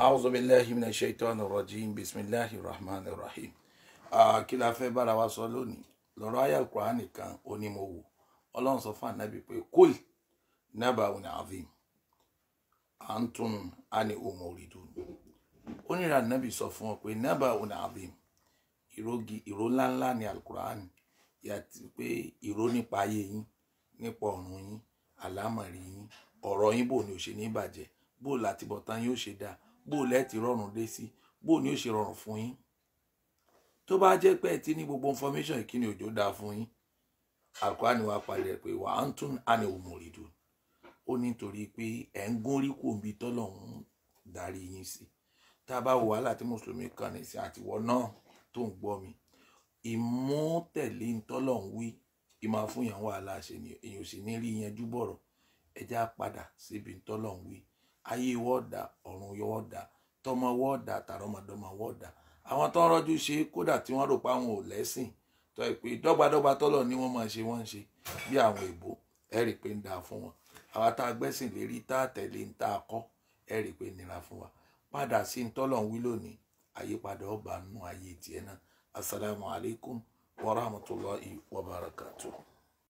أعوذ بالله من الشيطان الرجيم بسم الله الرحمن الرحيم kí la fẹ́ bára wa sọ lónìí lọ́rọ̀ ayé alukur'an nìkan onímọ̀wò ọlọ́run sọ fún anabi pé kúl naba'un azim antum ani umuridun onírà anabi sọ fún ọ pé naba'un azim ìrógi ìró ńláńlá ni alukur'an yàtí pé ìró nípa ayé yín nípa ọ̀run yín àlámọ̀rí yín ọ̀rọ̀ yín bò ní ò ṣe ní bàjẹ́ bó làtìbọ̀tán yóò ṣe dáa bó o lẹ́ẹ̀tì rọrùn dé sí bó o ní ó ṣe rọrùn fún yín tó bá jẹ́ pé ẹ ti ní gbogbo information ìkíni òjò dáa fún yín àkọ́ni wa pàdé pé wà á ń tún àní òmùrìdù ó nítorí pé ẹ̀ ń gún rí kò bí tọ́lọ́hún darí yín sí tá a bá wo wàhálà tí mùsùlùmí kan ní sí àtiwọ́ náà tó ń gbọ́ mi ìmútẹ̀lé tọ́lọ́hún wí ìmáfúnyàn wàhálà ṣe ni èèyàn ò sì ní rí yanjú bọ̀rọ̀ ẹ já padà síbi tọ́lọ́hún wí ayé wọ́ọ̀dà ọ̀run yọ́ọ̀dà tọmọ wọ́ọ̀dà tàrọmọdọmọ wọ́ọ̀dà àwọn tó ń rọ́jú ṣe kódà tí wọ́n rò pé àwọn ò lẹ́sìn tó ẹ pé dọ́gbadọ́gba tọ́lọ̀ ni wọ́n máa ṣe wọ́n ń ṣe bí àwọn èbó ẹ rí i pé ń da fún wọn àwa tá a gbẹ́sìn lérí tá a tẹ̀lé ń tá a kọ́ ẹ rí i pé nira fún wa padà sí ń tọ́lọ̀ ń wí lónìí àyípadà ọba nù ayé tiẹ̀ náà asalaamualeykum wa rahmatulahi wa barakatuh.